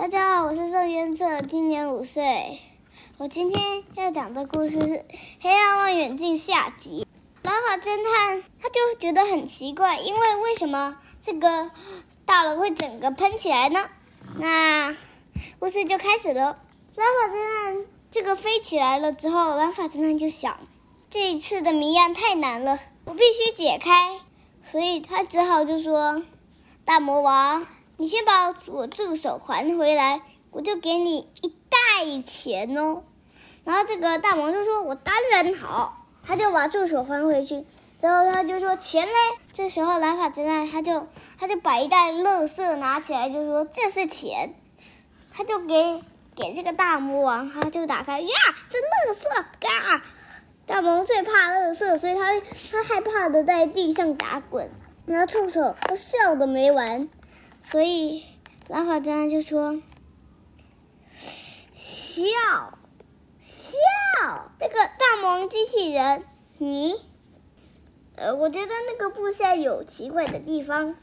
大家好，我是宋淵澈，今年五歲。我今天要講的故事是《黑暗望遠鏡》下集。藍髮偵探他就覺得很奇怪，因為為什麼這個大樓會整個噴起來呢？那故事就開始了。藍髮偵探這個飛起來了之後，藍髮偵探就想，這一次的謎案太難了，我必須解開，所以他只好就說：“大魔王。”你先把我助手還回來，我就給你一袋錢哦。然後這個大魔王就說：“我當然好。”他就把助手還回去，然後他就說：“錢嘞？”這時候藍髮偵探他就他就把一袋樂色拿起來，就說：“這是錢。”他就給給這個大魔王，他就打開，呀，是樂色！嘎，大魔王最怕樂色，所以他他害怕的在地上打滾。然後助手他笑的沒完。所以，拉法爾就說：“笑，笑，那個大魔王機器人，你，呃，我覺得那個部下有奇怪的地方。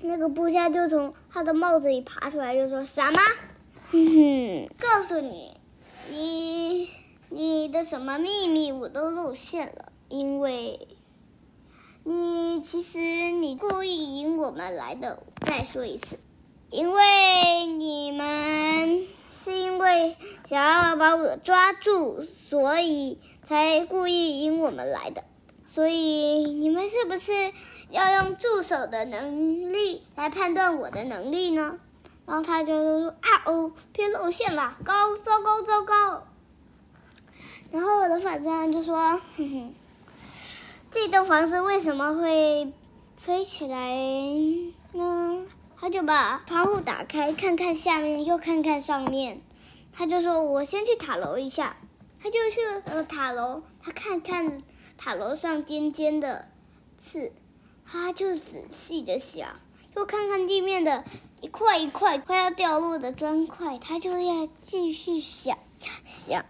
那個部下就從他的帽子裡爬出來，就說：‘什麼？’哼， 告訴你，你你的什麼秘密我都露餡了，因為。”你其實你故意引我們來的。我再說一次，因為你們是因為想要把我抓住，所以才故意引我們來的。所以你們是不是要用助手的能力來判斷我的能力呢？然後他就說：“啊哦，別露餡了，高，糟糕，糟糕。”然後我的法杖就說：“哼哼。”這棟房子為什麼會飛起來呢？他就把窗戶打開，看看下面，又看看上面。他就說：“我先去塔樓一下。”他就去、呃、塔樓，他看看塔樓上尖尖的刺，他就仔細的想，又看看地面的一塊一塊快要掉落的磚塊，他就要繼續想，想。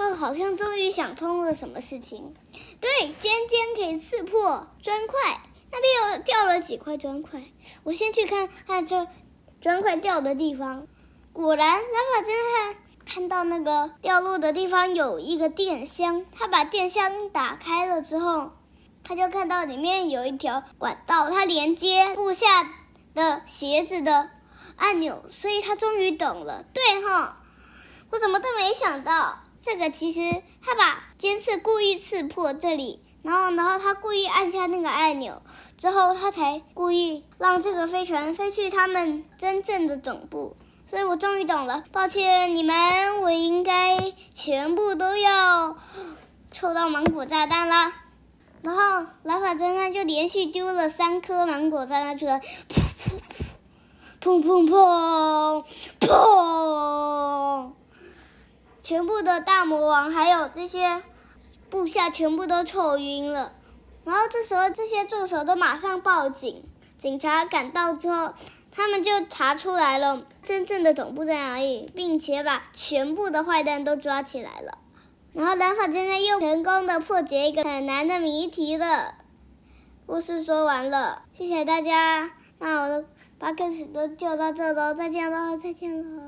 他好像終於想通了什麼事情，對，尖尖可以刺破磚塊。那邊又掉了幾塊磚塊，我先去看看這磚塊掉的地方。果然，藍髮偵探看到那個掉落的地方有一個電箱，他把電箱打開了之後，他就看到裡面有一條管道，它連接布下的鞋子的按鈕，所以他終於懂了。對哈，我怎麼都沒想到。這個其實他把尖刺故意刺破這裡，然後，然後他故意按下那個按鈕，之後他才故意讓這個飛船飛去他們真正的總部。所以我終於懂了。抱歉你們，我應該全部都要抽到芒果炸彈啦，然後藍髮偵探就連續丟了三顆芒果炸彈出來，噗噗噗，砰砰砰，砰。全部的大魔王還有這些部下全部都臭暈了，然後這時候這些助手都馬上報警，警察趕到之後，他們就查出來了真正的總部在哪裡，並且把全部的壞蛋都抓起來了。然後藍髮偵探又成功的破解一個很難的謎題了。故事說完了，謝謝大家，那我的 podcast 都就到這了，再見了，再見了。